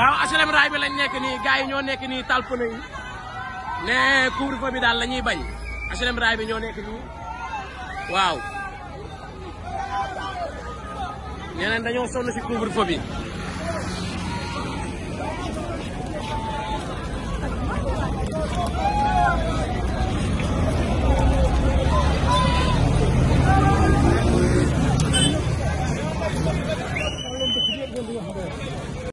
waaw HLM raay bi lañ nekk nii gars yi ñoo nekk ni tal pneu yi ne bi daal la ñuy bañ HLM raay bi ñoo nekk nii waaw ñeneen dañoo sonn si couvre-feu